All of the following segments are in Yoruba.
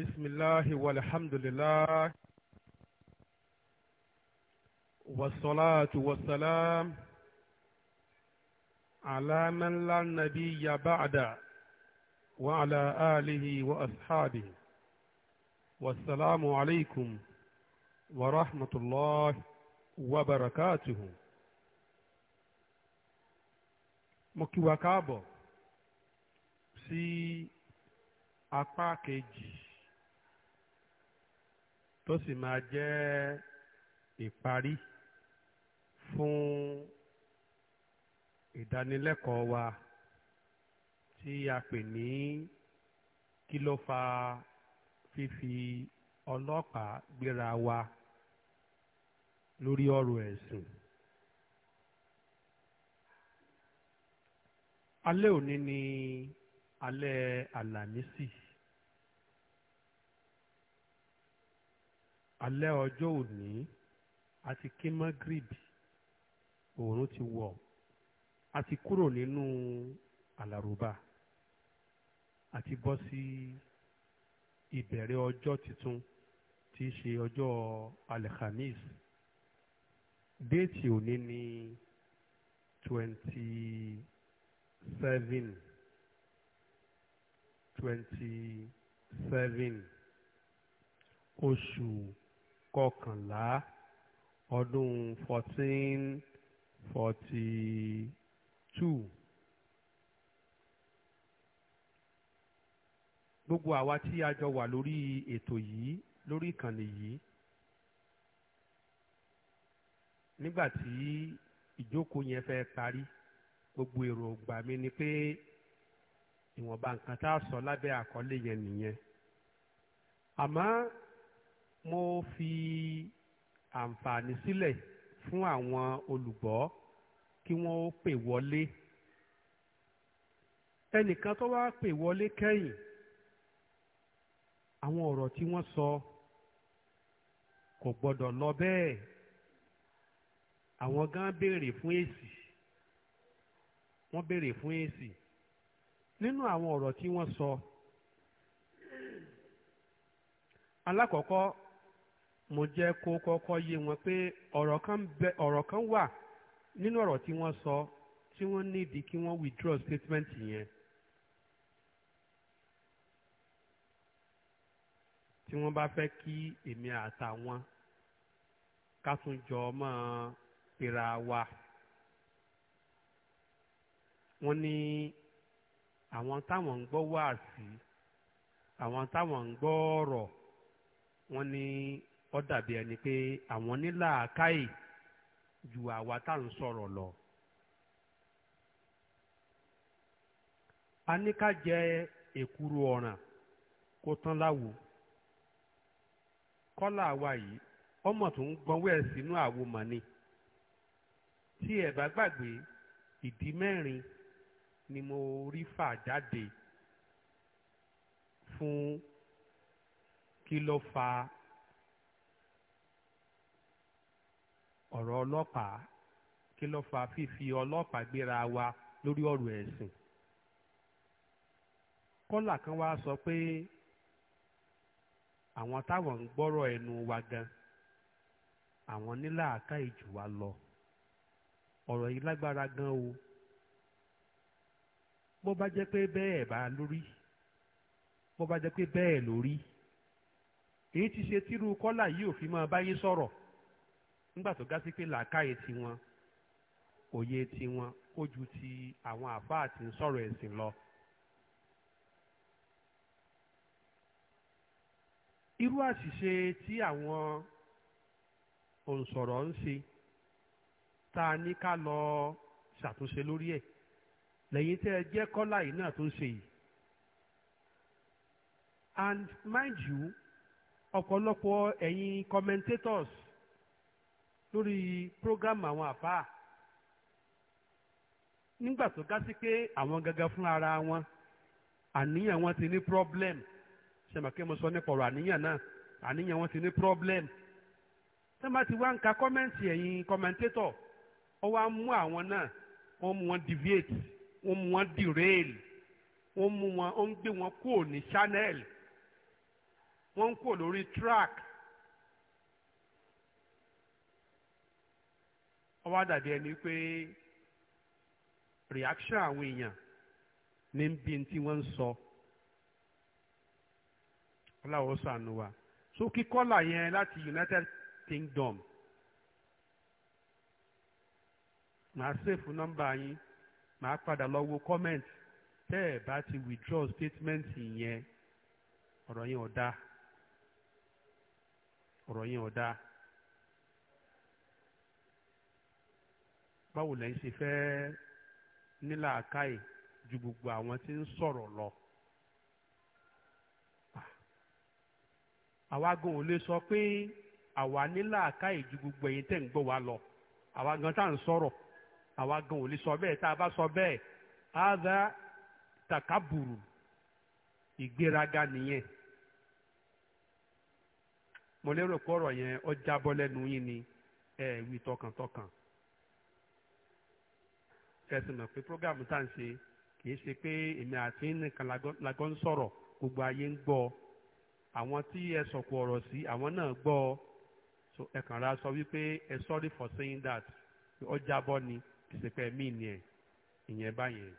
بسم الله والحمد لله والصلاة والسلام على من لا نبي بعد وعلى آله وأصحابه والسلام عليكم ورحمة الله وبركاته مكي وكابو سي أباكيجي tó sì máa jẹ́ ìparí fún ìdánilẹ́kọ̀ọ́ wa tí a pè ní kí ló fa fífi ọlọ́pàá gbéra wa lórí ọ̀rọ̀ ẹ̀sìn. alẹ́ òní ni alẹ́ àlàmísì. Si. alẹ́ ọjọ́ òní àti kí magrib òòrùn ti wọ̀ àti kúrò nínú àlàrúbà àti bọ́ sí ìbẹ̀rẹ̀ ọjọ́ tuntun tí í ṣe ọjọ́ alhamis déètì òní ní twenty seven twenty seven oṣù kọkànlá ọdún fourteen forty two. gbogbo àwa tí a jọ wà lórí ètò yìí lórí ìkànnì yìí nígbà tí ìjókòó yẹn fẹ́ parí gbogbo èròǹgbà mi ni pé ìwọ̀nba nǹkan tá a sọ lábẹ́ àkọlé yẹn nìyẹn àmọ́ mo fi àǹfààní sílẹ̀ fún àwọn olùgbọ́ kí wọ́n ó pè wọlé ẹnìkan tó wá pè wọlé kẹ́yìn àwọn ọ̀rọ̀ tí wọ́n sọ kò gbọ́dọ̀ lọ bẹ́ẹ̀ àwọn gan béèrè fún èsì wọ́n béèrè fún èsì nínú àwọn ọ̀rọ̀ tí wọ́n sọ alákọ̀ọ́kọ́ mo jẹ́ kó kọ́kọ́ yé wọn pé ọ̀rọ̀ kan bẹ ọ̀rọ̀ kan wà nínú ọ̀rọ̀ tí wọ́n sọ tí wọ́n nídìí kí wọ́n withdraw statement yẹn tí wọ́n bá fẹ́ kí èmi àtàwọn ká tún jọ mọ́ pera wa wọ́n ní àwọn táwọn ń gbọ́ wáàsí àwọn táwọn ń gbọ́ ọ̀rọ̀ wọ́n ní ó dàbí ẹni pé àwọn ní làákàyè ju àwa tá à ń sọ̀rọ̀ lọ. a ní ká jẹ èkuru ọ̀ràn kó tán láwo kọ́là wa yìí ọmọ tó ń gbọ́nwẹ́ sínú àwo mọ̀ ni tí ẹ bá gbàgbé ìdí mẹ́rin ni mo rí fà jáde fún kí ló fa ọ̀rọ̀ ọlọ́pàá kí ló fa fífi ọlọ́pàá gbéra wa lórí ọ̀rọ̀ ẹ̀sìn kọ́là kan wá sọ pé àwọn táwọn ń gbọ́rọ̀ ẹnu wa gan àwọn níláàká ìjù wa lọ ọ̀rọ̀ yìí lágbára gan o bó bá jẹ́ pé bẹ́ẹ̀ bá lórí bó bá jẹ́ pé bẹ́ẹ̀ lórí èyí ti ṣe tírú kọ́là yìí ò fi máa báyé sọ̀rọ̀ nígbà tó ga sí pé làákàyè tiwọn òye tiwọn ó ju ti àwọn àfáà tí ń sọ̀rọ̀ ẹ̀sìn lọ. irú àṣìṣe tí àwọn òǹsọ̀rọ̀ ń ṣe tá a ní ká lọ ṣàtúnṣe lórí ẹ̀ lẹ́yìn tẹ́ ẹ jẹ́ kọ́lá yìí náà tó ń ṣe yìí. and mind you ọ̀pọ̀lọpọ̀ ẹ̀yin commentators lórí prógámù àwọn àfáà nígbà tó ká sí pé àwọn gangan fún ara wọn àníyàn wọn ti ní problem ṣèmọ̀kẹ́ mo sọ nípa ọ̀rọ̀ àníyàn náà àníyàn wọn ti ní problem tó bá ti wá ń ka kọ́mẹ́ǹtì ẹ̀yin kọ́mẹ́ǹtétọ̀ ó wá mú àwọn náà wọ́n mú wọn deviate wọ́n mú wọn derail wọ́n mú wọn ó ń gbé wọn kúrò ní channel wọ́n ń kúrò lórí track wá dàbí ẹni pé reaction àwọn èèyàn ní bí tí wọ́n ń sọ ọláwọ́ sànù wa so kíkọ́là yẹn láti United Kingdom màá sèfù nọ́mbà yín màá padà lọ wo comment tẹ́ ẹ̀ bá ti withdraw statement yẹn ọ̀rọ̀ yẹn ò dáa ọ̀rọ̀ yẹn ò báwo lẹ́yìn ṣe fẹ́ nílàákàyè ju gbogbo àwọn tí ń sọ̀rọ̀ lọ. Ah. àwa gan ò lè sọ pé àwa nílàákàyè ju gbogbo ẹ̀yin tẹ̀ ń gbọ́ wa lọ àwa gan tá à ń sọ̀rọ̀ àwa gan ò lè sọ bẹ́ẹ̀ tá a bá sọ bẹ́ẹ̀ áádá takaburu ìgbéraga nìyẹn mo lérò pé ọ̀rọ̀ yẹn ó jábọ́ lẹ́nu yín ni ẹ tọkàntọkàn kẹsì mọ̀ pé prógámù tá à ń ṣe kì í ṣe pé èmi àti nìkan lágọ́ ń sọ̀rọ̀ gbogbo ayé ń gbọ́ àwọn tí ẹ sọ̀kò ọ̀rọ̀ sí àwọn náà gbọ́ so ẹ kàn ra sọ wípé ẹ sorry for saying that ó jábọ́ ni kì í ṣe pé ẹ̀mí ni ẹ̀ ìyẹn báyẹn.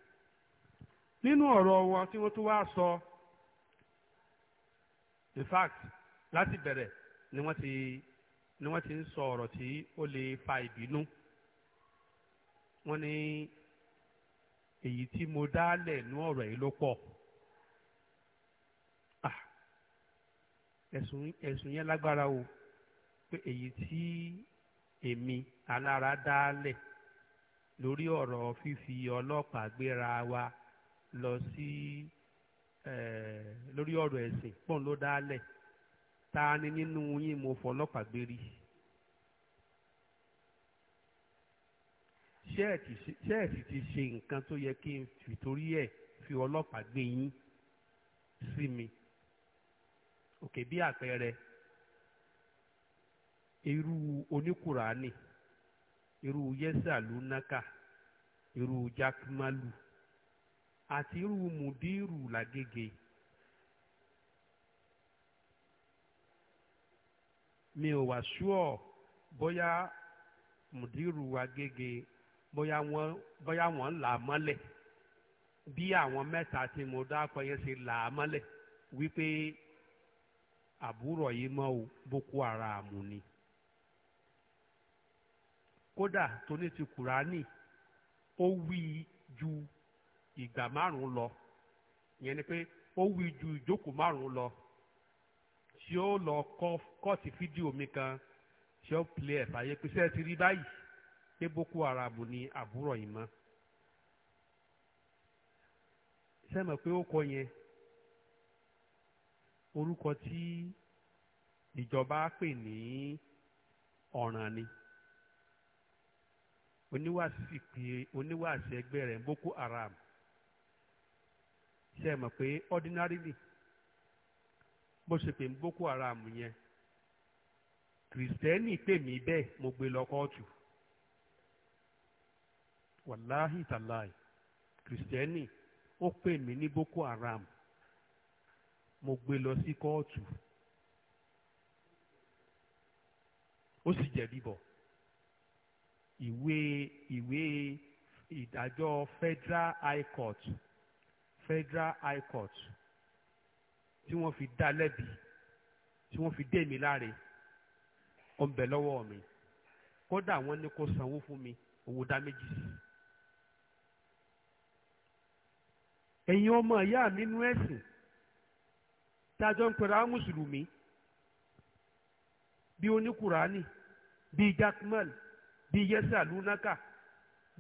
nínú ọ̀rọ̀ wọn tí wọ́n tún wá sọ in fact láti bẹ̀rẹ̀ ni wọ́n ti ni wọ́n ti ń sọ ọ̀rọ̀ tí ó lè fa ìbínú wọ́n ní èyí tí mo dálẹ̀ nú ọ̀rọ̀ yìí ló pọ̀ ah. ẹ̀sùn ẹ̀sùn yẹn lágbára o pé èyí tí èmi alára dálẹ̀ lórí ọ̀rọ̀ fífi ọlọ́pàá gbéra wa lọ sí lórí ọ̀rọ̀ ẹ̀sìn pọ́n ló dálẹ̀ ta ni nínú yín mo fọ ọlọ́pàá gbérí. ṣẹ́ẹ̀tì ti ṣe nǹkan tó yẹ kí n fìtorí ẹ̀ fi ọlọ́pàá gbé yín sí mi òkè bí àpẹẹrẹ irú oníkùránì irú yẹ́sàlúnákà irú ati àti irú mùdírù làgègè. mi ò wá ṣúọ̀ bóyá mudiru agége bóyá wọ́n bóyá wọ́n là á mọ́lẹ̀ bí àwọn mẹ́ta tí mo dákọ yẹn ṣe là á mọ́lẹ̀ wípé àbúrò yìí mọ́ o Boko Haram ni kódà tó ní ti Kùránì ó wí ju ìgbà márùn-ún lọ ìyẹn ni pé ó wí ju ìjókòó márùn lọ tí ó lọ kọ́ kọ́ọ̀tì fídíò mi kan tí ó pilẹ̀ ẹ̀fà yẹ pé ti rí báyìí pé boko haram ni àbúrò yìí mọ́ sẹ́mọ̀ pé ó kọ yẹn orúkọ tí ìjọba pè ní ọ̀ràn ni oníwàásí pé oníwàásí ẹgbẹ́ rẹ̀ boko haram sẹ́mọ̀ pé ordinarily bó ṣe pè ní boko haram yẹn kìrìsìtẹ́nì pè mí bẹ́ẹ̀ mo gbé lọ kóòtù wàláhì tàláì kìrìsìtẹ́nì ó pè mí ní boko haram mo gbé lọ sí kóòtù ó sì jẹ̀bi bọ̀ ìwé ìwé ìdájọ́ federal high court federal high court tí wọ́n fi dá lẹ́bi tí wọ́n fi dé mi láre ọ̀nbẹ lọ́wọ́ mi kódà wọ́n ní kó sanwó fún mi owó dá méjì sí i. ẹ̀yin ọmọ ìyá nínú ẹ̀sìn tájọ́ ń pera mùsùlùmí bí oníkùránì bí jakmal bí yẹsẹ alunaka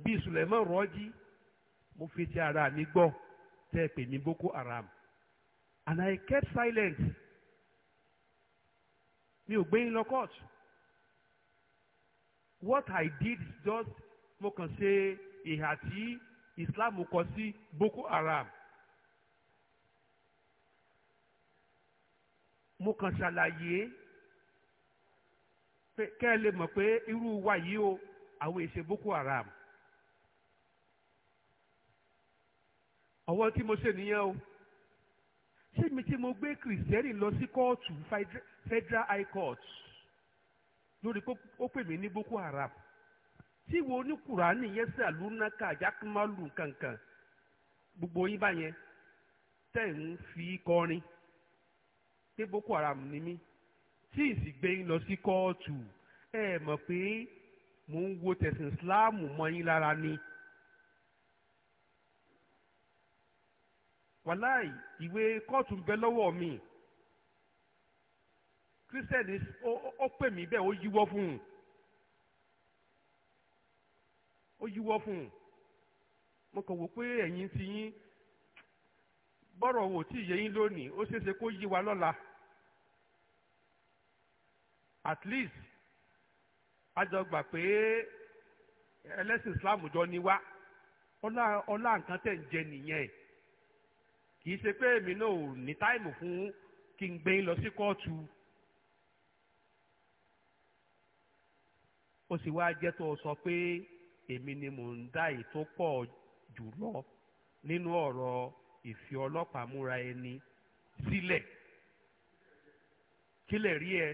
bí suleiman rọjí mo fi ti ara mi gbọ́ tẹ́ ẹ pè ní boko haram and i kept silent mi ò gbé yín lọ court what i did is just mo kàn ṣe ìhà tí islam kọ sí boko haram mo kàn ṣàlàyé kẹ́ ẹ lè mọ̀ pé irú wa yìí o àwọn èsè Boko Haram ọwọ́ tí mo ṣe nìyẹn o ṣé mi tí mo gbé kìrìsìtẹ́nì lọ sí kóòtù Federal High Court lórí pé ó pè mí ní Boko Haram tí wo ní Kùránì yẹn sí àlùnáka àjákùmálù kankan gbogbo yín báyẹn tẹ̀ ń fi kọrin pé boko haram ni mí tí ìsìgbé yín lọ sí kóòtù ẹ mọ̀ pé mò ń wo tẹ̀sìn ìsìláàmù mọ́ yín lára ni. wàláì ìwé kóòtù ń bẹ lọ́wọ́ mi kírísítẹ́nì ó pè mí bẹ́ẹ̀ ó yíwọ́ fún un ó yíwọ́ fún un mo kàn wò pé ẹ̀yin ti yín bọ́rọ̀ wò tí yẹ yín lónìí ó ṣeéṣe kó yí wa lọ́la at least a jọ gbà pé ẹlẹ́sìn Islam jọ ni wá ọlá nǹkan tẹ̀ ń jẹ nìyẹn kì í ṣe pé èmi náà ò ní táìmù fún kí n gbé lọ sí kóòtù ó sì wá jẹ́ tó sọ pé èmi ni mò ń dá ètò tó pọ̀ jù lọ nínú ọ̀rọ̀ ìfi ọlọ́pàá múra ẹni sílẹ̀ kílẹ̀ rí ẹ.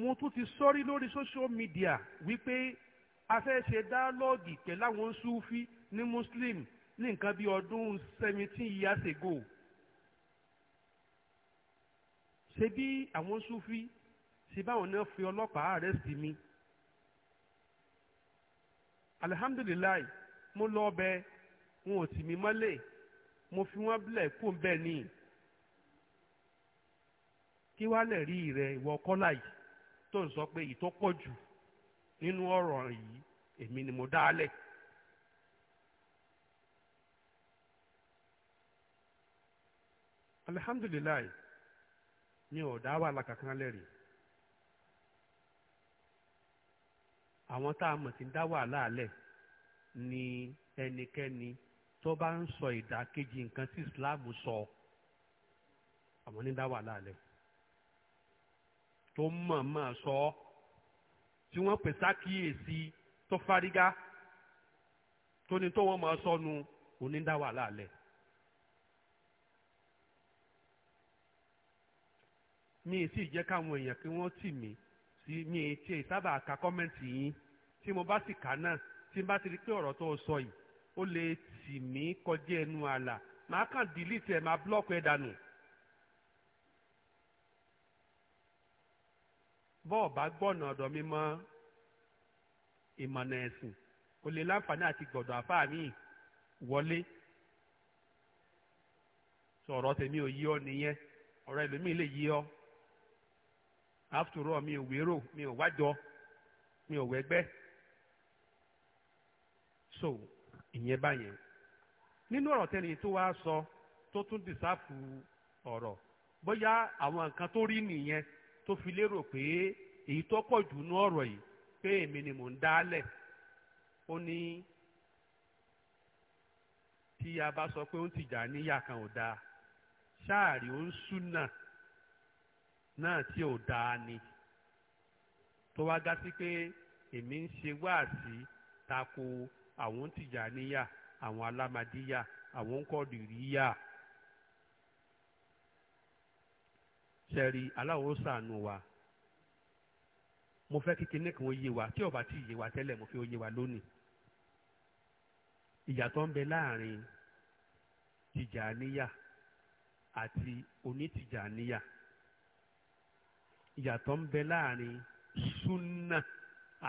mo tún ti sọ́rí lórí social media wípé a fẹ́ ṣe dáálọ́ọ̀gì pẹ̀lú àwọn sufi ní muslim ní nǹkan bí ọdún seventeen years ago ṣe bí àwọn sufi ṣe báwọn náà fi ọlọ́pàá àrẹ́sì mi alihamdulilayi mo lọ bẹ wọn ò tì mí mọ́lẹ̀ mo fi wọ́n bílẹ̀ kó ni kí wàá lè rí rẹ ìwọ kọ́lá yìí tó ń sọ pé pọ̀ jù nínú ọ̀rọ̀ yìí èmi mo dálẹ̀. alihamdulilayi mi ò dá wàhálà kankan lẹ́rìí àwọn tá a mọ̀ dá tó bá ń sọ ìdàkejì nǹkan tí Islam sọ àwọn onídá wà lálẹ́ tó mọ̀ọ́mọ̀ sọ ọ́ tí wọ́n pè sákìyèsí tó fárígá tó ní tó wọ́n mọ̀ọ́ sọnu onídá wà lálẹ́. mi ì sì jẹ́ káwọn èèyàn kí wọ́n tì mí sí mi ì tiẹ̀ sábà ka kọ́mẹ́ǹtì yín tí mo bá sì kà náà tí n bá ti rí pé ọ̀rọ̀ tó sọ yìí ó lè tì mí kọjá ẹnu àlà màá kàn dìlítì ẹ̀ máa búlọ́ọ̀kù ẹ̀ dànù. bọ́ọ̀ bá gbọ́nà ọ̀dọ̀ mi mọ́ ìmọ̀nà ẹ̀sìn o lè láǹfààní àti gbọ̀dọ̀ àfáà mi wọlé sọ̀rọ̀ tèmi ò yí ọ nìyẹn ọ̀rọ̀ ẹlòmíì lè yí ọ after all mi ò wérò mi ò wájọ mi ò wẹ́gbẹ́ so ìyẹn báyẹn nínú ọ̀rọ̀ tẹ́ni tó wá sọ tó tún dìsáàfù ọ̀rọ̀ bóyá àwọn nǹkan tó rí nìyẹn tó fi lérò pé èyí tó pọ̀ jù nú ọ̀rọ̀ yìí pé èmi ni mò ń dálẹ̀ ó ní tí a bá sọ pé ó ń tìjà níyà kan ò dáa ṣáàrì ó ń súnà náà tí ò dáa ni tó wá gá sí pé èmi ń ṣe wáàsí tako àwọn tìjàníyà àwọn alámadíyà àwọn kọ́dìríyà. sẹ́rí aláwo sànù wa mo fẹ́ kí kinní kan ó yé wa tí ó bá ti yé wa tẹ́lẹ̀ mo fi ó yé wa lónìí ìyàtọ̀ ń bẹ láàrin tìjàníyà àti onítìjàníyà ìyàtọ̀ ń bẹ láàrin súnà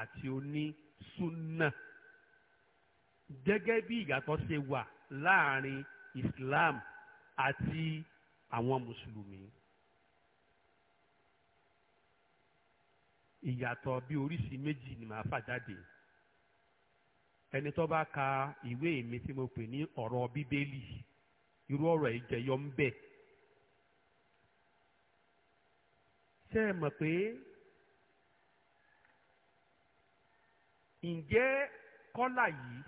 àti onísúnà gẹ́gẹ́ bí ìyàtọ̀ ṣe wà láàrin Islam àti àwọn mùsùlùmí. ìyàtọ̀ bí oríṣi méjì ni màá fà jáde ẹni tó bá ka ìwé mi tí mo pè ní ọ̀rọ̀ bíbélì irú ọ̀rọ̀ yìí jẹyọ ń bẹ ṣé ẹ mọ̀ pé ǹjẹ́ kọ́là yìí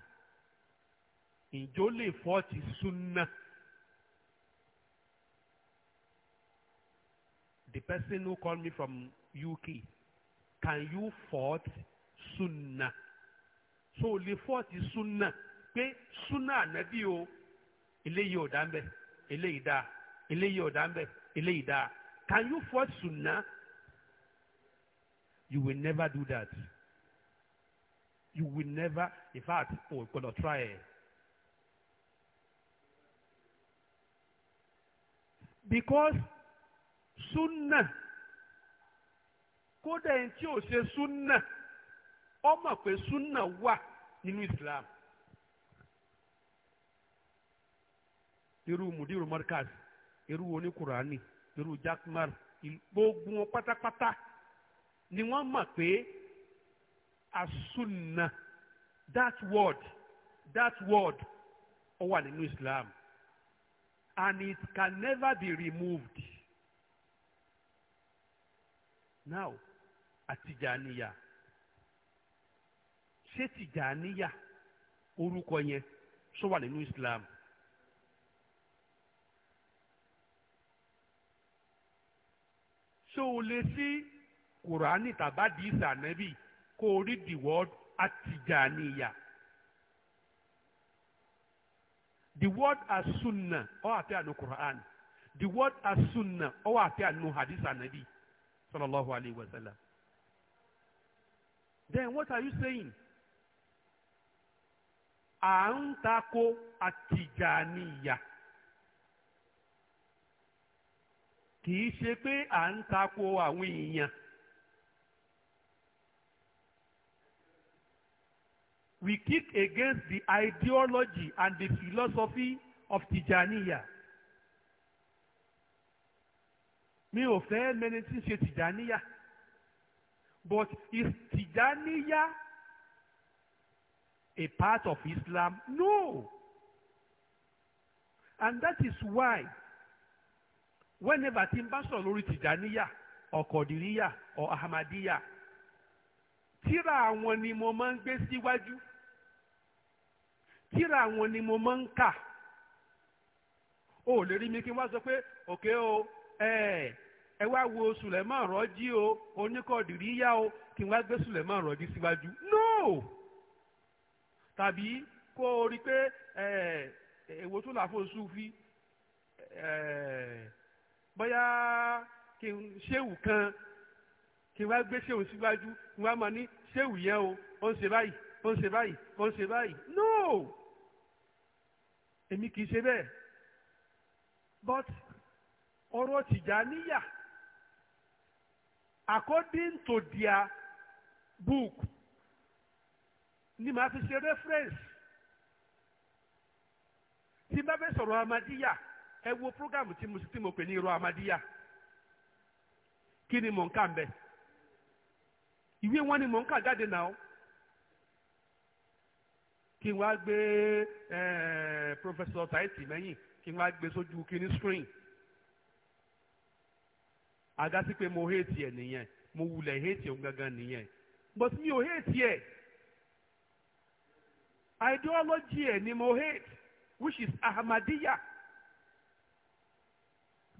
ǹjọ́ lè fọ́ ti súnà. The person who called me from UK, can you fault sunna? So lè fault sunna pé sunna ànábì o, eléyìí ò dá mbẹ, eléyìí dá, eléyìí ò dá mbẹ, eléyìí dá. Can you fault sunna? You will never do that. You will never, in fact, oh, gbọ́dọ̀ try it. because sunna kódà ẹni tí ò ṣe sunna ó mọ̀ pé sunna wà nínú Islam irú mudiru markaz irú oníkùránì irú jakmar gbogbo wọn pátápátá ni wọ́n mọ̀ pé asunna that word that word ọ wà nínú Islam. and it can never be removed. Now, àtìjàníyà ṣé tìjàníyà orúkọ yẹn ṣó wà nínú Islam? ṣé o lè sí Kùránì tàbádìí ìsànẹ́bì kó o rí the word àtìjàníyà? the word as-sunnah ọ wà pẹ́ àánú Quran the word as-sunnah ọ wa pẹ́ àánú hadith anabi sallallahu alayhi wa sallam then what are you saying à ń tako àtìjàníyà kì í ṣe pé à ń tako àwọn èèyàn. we kick against the ideology and the philosophy of Tijaniya. Mi ò fẹ́ mẹni tí ń ṣe Tijaniya. But is Tijaniya a part of Islam? No. And that is why whenever tí n bá sọ̀rọ̀ lórí Tijaniya or Kodiriya or Ahmadiyya tíra àwọn ni mo máa ń gbé síwájú tíra àwọn ni mo máa ń kà o ò lè rí mi kí n sọ pé òkè o ẹ wá wo sùlẹ̀mọ́ rọ́jí o oníkọ̀dìrí yá o kí n gbé sùlẹ̀mọ́ rọ́jí síwájú no tàbí kó o rí pé èwo tó là fún sufi bóyá kí n ṣéwù kan kí wọ́n gbé ṣéwù síwájú kí wọ́n máa ní ṣéwù yẹn o ó ń ṣe báyìí ó ń ṣe báyìí ó ń ṣe báyìí no èmi kì í ṣe bẹ́ẹ̀ but ọ̀rọ̀ Tìjàníyà according to their book ni màá fi ṣe reference tí bá fẹ́ sọ̀rọ̀ Ahmadiyya ẹ wo program tí mo pè ní irọ́ Ahmadiyya kí ni mò ń kà ń bẹ́ẹ̀ ìwé wọn ni mò ń kà jáde náà kí n wá gbé professor taiti mẹ́yìn kí n wá gbé sójú kíní screen àgásí pé mo hate ẹ̀ nìyẹn mo wulẹ̀ hate òun gangan nìyẹn but mi ò hate ẹ̀ ideology ẹ̀ ni mo hate which is ahmadiyya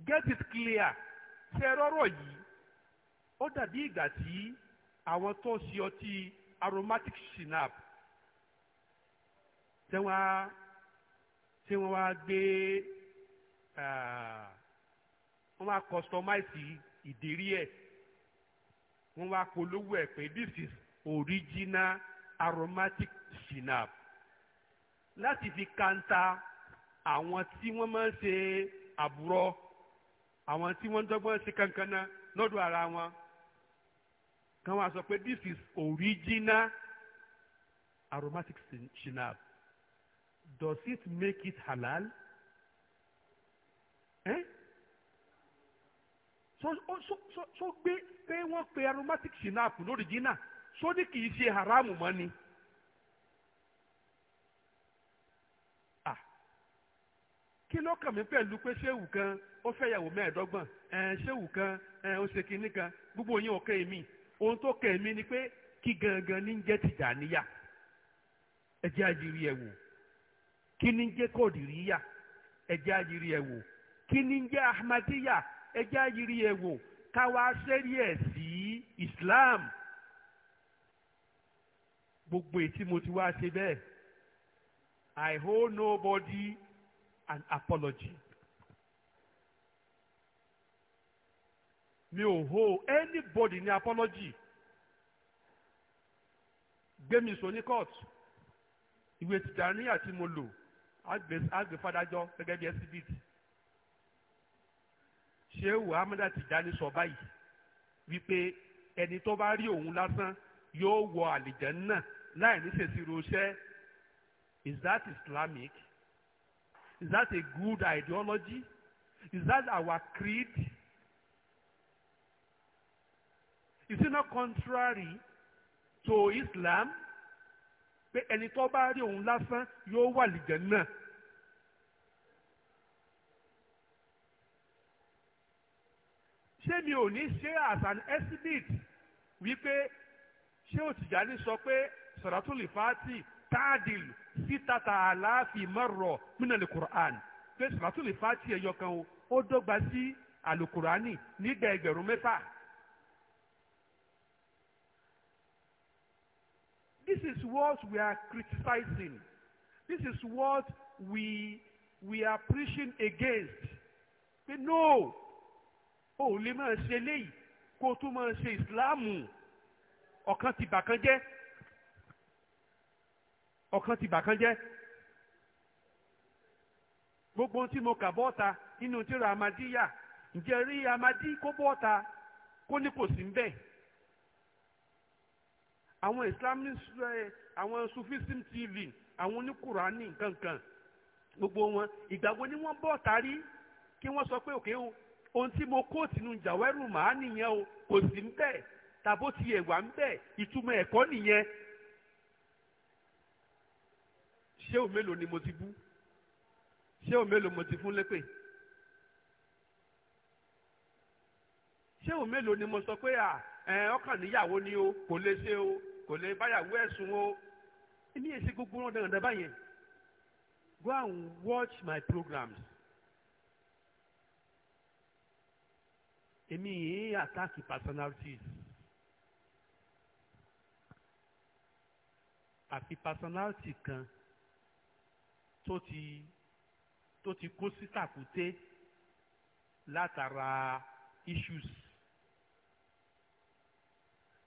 get it clear ṣe rọrọ yìí ó dàbí ìgbà tí àwọn tó ṣe ọtí aromatic synap. tí wọ́n á tí wọ́n wá gbé wọ́n wá customize ìdérí ẹ̀ wọ́n wá polówó ẹ̀ pé this is original aromatic synap. láti fi kanta àwọn tí wọ́n máa ń ṣe àbúrò àwọn tí wọ́n ń dọ́gbọ́n ṣe kankan náà lọ́dọ̀ ara wọn kan wá sọ pé this is original aromatic shinab does it make it halal? Eh? so so so so gbé pé wọ́n pe aromatic shinab original. so ní kì í haram haramu mọ́ ni. kí ló kàn mí pẹ̀lú pé ṣéwù kan ó fẹ́yàwó mẹ́ẹ̀ẹ́dọ́gbọ̀n ṣéwù kan ó ṣe kinní kan gbogbo yín ọ̀kẹ́ mi ohun tó kàn mí ni pé kí gangan ní jẹ́ Tìjàníyà ẹ jẹ́ àjírí ẹ̀ wò kí ní jẹ́ Kọ̀dìríyà ẹ àjírí ẹ̀ wò kí ní jẹ́ Ahmadiyya ẹ àjírí ẹ̀ wò káwa sẹ́rí ẹ̀ sí Islam gbogbo ètí mo ti wá ṣe bẹ́ẹ̀ I hold nobody an apology. mi ò ho anybody ní apology gbẹmí sọ ní court ìwé tìtàní àti mo lò àgbè fàdájọ gẹ́gẹ́ bí exhibit Shehu Ahmed Tijani sọ báyìí wípé ẹni tó bá rí òun lásán yóò wọ àlìjànnà láì ní ṣèṣirò iṣẹ́ is that Islamic is that a good ideology is that our creed. is it not contrary to Islam pé ẹni tó bá rí òun lásán yóò wà lìjẹ́ náà. ṣé mi ò ní ṣe as an exhibit wípé ṣé òtìjáde sọ pé sọ̀rọ̀tún lè fàátì táàdìl a àlàáfíì mọ́rọ̀ nínú alukur'an pé sọ̀rọ̀tún lè fàátì ẹ̀yọ kan o ó dọ́gba sí alukur'ani nígbà ẹgbẹ̀rún mẹ́fà. This is what we are criticizing. This is what we we are preaching against. But no, oh, ò lè máa ṣe eléyìí kó o tún máa ti bàkan okan ti bàkan jẹ́. Gbogbo tí mo kà bọ́ta nínú tíra Amadíyà, ǹjẹ́ rí Amadí kó bọ́ta kó ní kò sí ń bẹ́ẹ̀ àwọn islamic eh, àwọn sufism tv àwọn oníkùránì kankan gbogbo wọn ìgbà wo ni wọ́n bọ̀ tari kí wọ́n sọ pé òkè o ohun tí mo kó sínú jàwẹ́rù màá nìyẹn o kò sí ń bẹ̀ tàbó ti ẹ̀wà ń bẹ̀ ìtumọ̀ ẹ̀kọ́ nìyẹn ṣéwù mélòó ni mo ti bú ṣéwù mélòó mo ti fún lépè ṣéwù mélòó ni mo sọ pé à ah, ẹ eh, ọkàn níyàwó ni o kò lè ṣe o kò lè báyàwó ẹ̀sùn o èmi èsì gbogbo wọn dandan báyẹn go and watch my programs èmi yìí attack personalities àfi personality kan tó ti tó ti kó sí tàkúté látara issues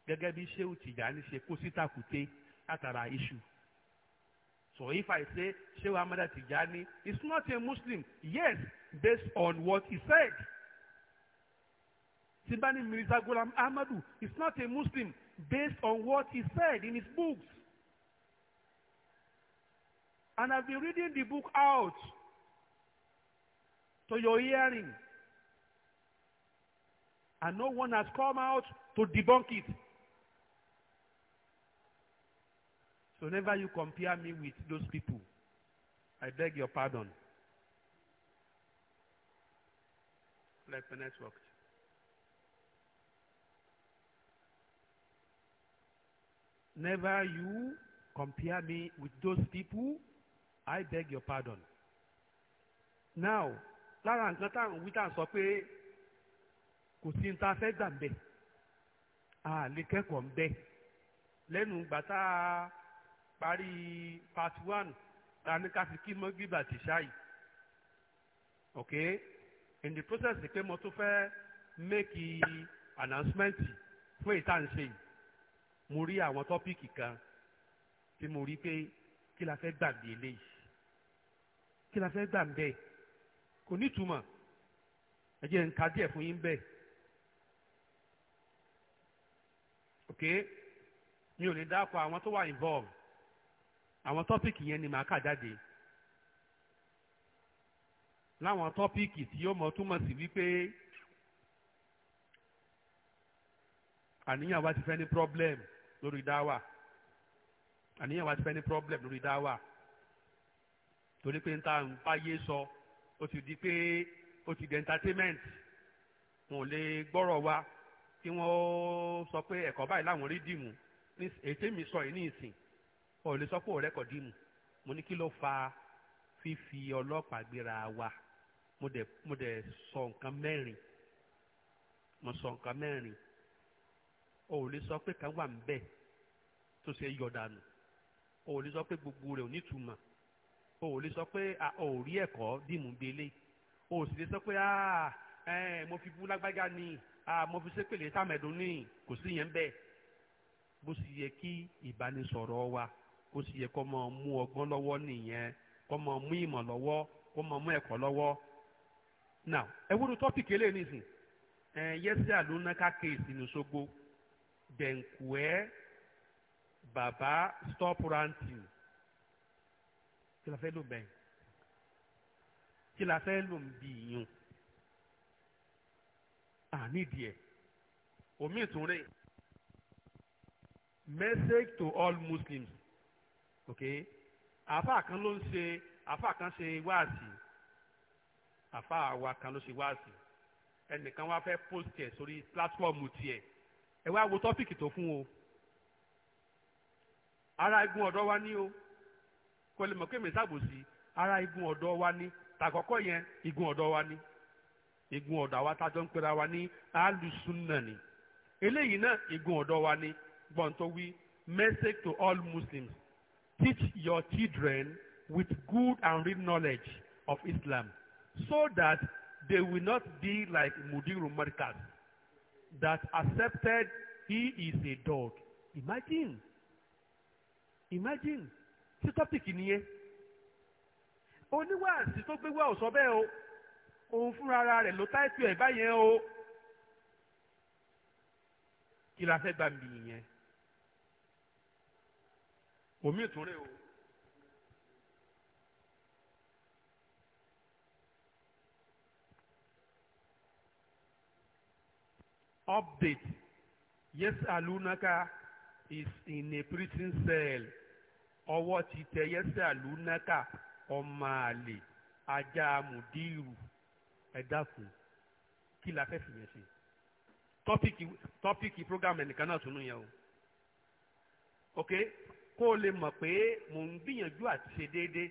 gẹ́gẹ́ bí Shehu Tijani ṣe kó síta kùté látara iṣu. So if I say Shehu Amada Tijani is not a Muslim, yes, based on what he said. Sibani Mirza Ghulam Ahmadu is not a Muslim based on what he said in his books. And I've been reading the book out to your hearing. And no one has come out to debunk it. whenever you compare me with those people, I beg your pardon. Let the network. Never you compare me with those people, I beg your pardon. Now, lára nǹkan tá à ń wí tá à ń sọ pé kò sí ní ta fẹ́ gbà ń bẹ̀ à ń bẹ̀ lẹ́nu ìgbà parí part one ta ní ká fi kí mọ́gìbà ti ṣáì ok in the process pé mo tún fẹ́ make announcement fún ìtànṣe yìí mo rí àwọn tọ́píìkì kan tí mo rí pé kí la fẹ́ gbàgbé eléyìí kí la fẹ́ gbàgbé kò nítumọ̀ ẹ jẹ́ n ka díẹ̀ fún yín bẹ́ẹ̀ ok mi ò ní dáko àwọn tó wà involved àwọn tọ́pìkì yẹn ni màá kà jáde láwọn tọ́pìkì tí yóò mọ túmọ̀ sí wípé àníyàn wa ti fẹ́ ní problem lórí dáwà àníyàn wa ti fẹ́ ní problem lórí dáwà torí pé n ta n báyé sọ ó ti di pé ó ti di entertainment wọn ò lè gbọ́rọ̀ wa kí wọ́n sọ pé ẹ̀kọ́ báyìí láwọn rí dìmú ètè mi sọ yìí ní ìsìn ò lè sọ pé òun rẹ́kọ̀dì mù mo ní kí ló fa fífi ọlọ́pàá gbéra wa mo dẹ̀ mo dẹ̀ sọ nǹkan mẹ́rin mo sọ nǹkan mẹ́rin o ò lè sọ pé kan wà ń tó ṣe yọ dànù o ò lè sọ pé gbogbo rẹ̀ ò ní túmọ̀ o ò lè sọ pé a ò rí ẹ̀kọ́ dìmú gbélé o sọ pé a mo fi bú lágbájá ni mo fi ṣépèlè sàmẹ̀dún ni kò sí yẹn bẹ́ẹ̀ bó sì yẹ kí ìbánisọ̀rọ̀ wa ó sì yẹ kó máa mú ọgbọ́n lọ́wọ́ nìyẹn kó máa mú ìmọ̀ lọ́wọ́ kó máa mú ẹ̀kọ́ lọ́wọ́. now ẹ wúlò tọ́pìkì eléyìí nìsín ẹ yẹ́sẹ̀ àlùnáká kéèsì ní ṣogbo dẹ̀ǹkùẹ́ bàbá stop ranting kí la fẹ́ lò bẹ́ẹ̀ kí la fẹ́ lò ń bì yín ànídìí omi ìtúnrẹ́ message to all Muslims ok àáfàá kan ló ń ṣe àáfàá kan ṣe wáàsì àáfàá wa kan ló ṣe wáàsì ẹnìkan wá fẹ́ post ẹ̀ sórí pílátífọ́ọ̀mù tiẹ̀ ẹ wá wo tọ́pìkì tó fún o ara igun ọ̀dọ́ wa ní o kò lè mọ̀ ara igun ọ̀dọ́ wa ní tàkọ́kọ́ yẹn igun ọ̀dọ́ wa ní igun ọ̀dọ́ wa tájọ́ ń pera wa ní alùsùnà ni eléyìí náà igun ọ̀dọ́ wa ní gbọ̀n wí message to all Muslims teach your children with good and real knowledge of Islam so that they will not be like Mudiru Markaz that accepted he is a dog. Imagine. Imagine. Tí tọ́pìkì nìyẹn. Oníwàásí tó gbé wá ò sọ bẹ́ẹ̀ o. Òun fúnra rẹ̀ ló táìpì ẹ̀ báyẹn o. Kí la fẹ́ gbà mí yẹn? omi ìtúnrẹ́ o. update yes alunaka is in a prison cell ọwọ́ ti tẹ yes alunaka ọmọ àlè ajá mùdírù ẹ dákun kí la fẹ́ fìyẹn sí tọ́pìkì tọ́pìkì program ẹnìkan náà tún nù yẹn o ok kó o lè mọ̀ pé mò ń gbìyànjú àti ṣe déédéé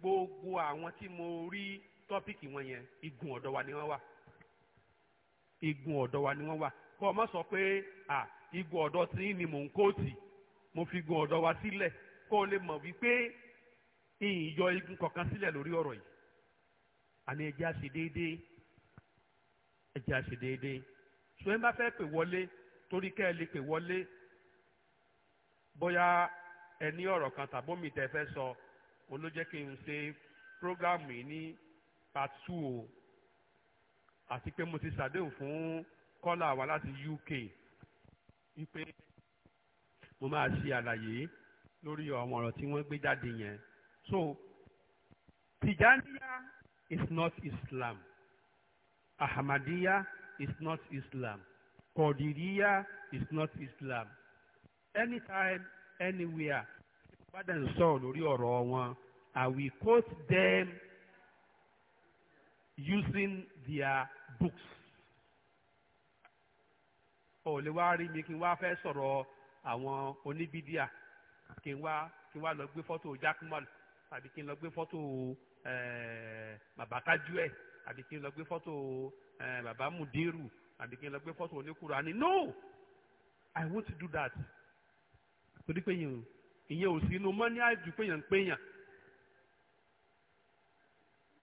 gbogbo àwọn tí mo rí tọ́pìkì wọn yẹn igun ọ̀dọ̀ wa ni wọ́n wà igun ọ̀dọ̀ wa ni wọ́n wà kọ́ ọ má sọ pé à igun ọ̀dọ̀ tí ni mò ń kóòtì mo fi igun ọ̀dọ̀ wa sílẹ̀ kó o lè mọ̀ wípé ìyìn yọ igun kọ̀ọ̀kan sílẹ̀ lórí ọ̀rọ̀ yìí àní ẹjẹ́ àṣe déédéé ẹjẹ́ àṣe déédéé ṣùgbọ́n bá fẹ́ pè wọlé torí kẹ́ ẹ lè pè wọlé bóyá ẹ ní ọ̀rọ̀ kan tàbómi tẹ fẹ́ sọ olójẹ́ kí n ṣe prógámù yìí ní part two o àti pé mo ti ṣàdéhùn fún kọ́là wa láti UK wípé mo máa ṣe àlàyé lórí àwọn ọ̀rọ̀ tí wọ́n gbé jáde yẹn so Tijaniya is not Islam Ahmadiyya is not Islam Qadiriya is not Islam anytime anywhere bá dẹ̀ ń sọ̀rọ̀ lórí ọ̀rọ̀ wọn I will quote them using their books. ò lè wá rí mi kí n wá fẹ́ sọ̀rọ̀ àwọn oníbídíà kí n wá kí n wá lọ gbé fọ́tò Jackman àbí kí n lọ gbé fọ́tò eh, bàbá Kájúẹ̀ àbí kí n lọ gbé fọ́tò eh, bàbá àbí kí n lọ gbé fọ́tò oníkùránì. No, I won't do that torí pé yìnyín ìyẹn ò sí inú mọ́ ní àìjú péyàn péyàn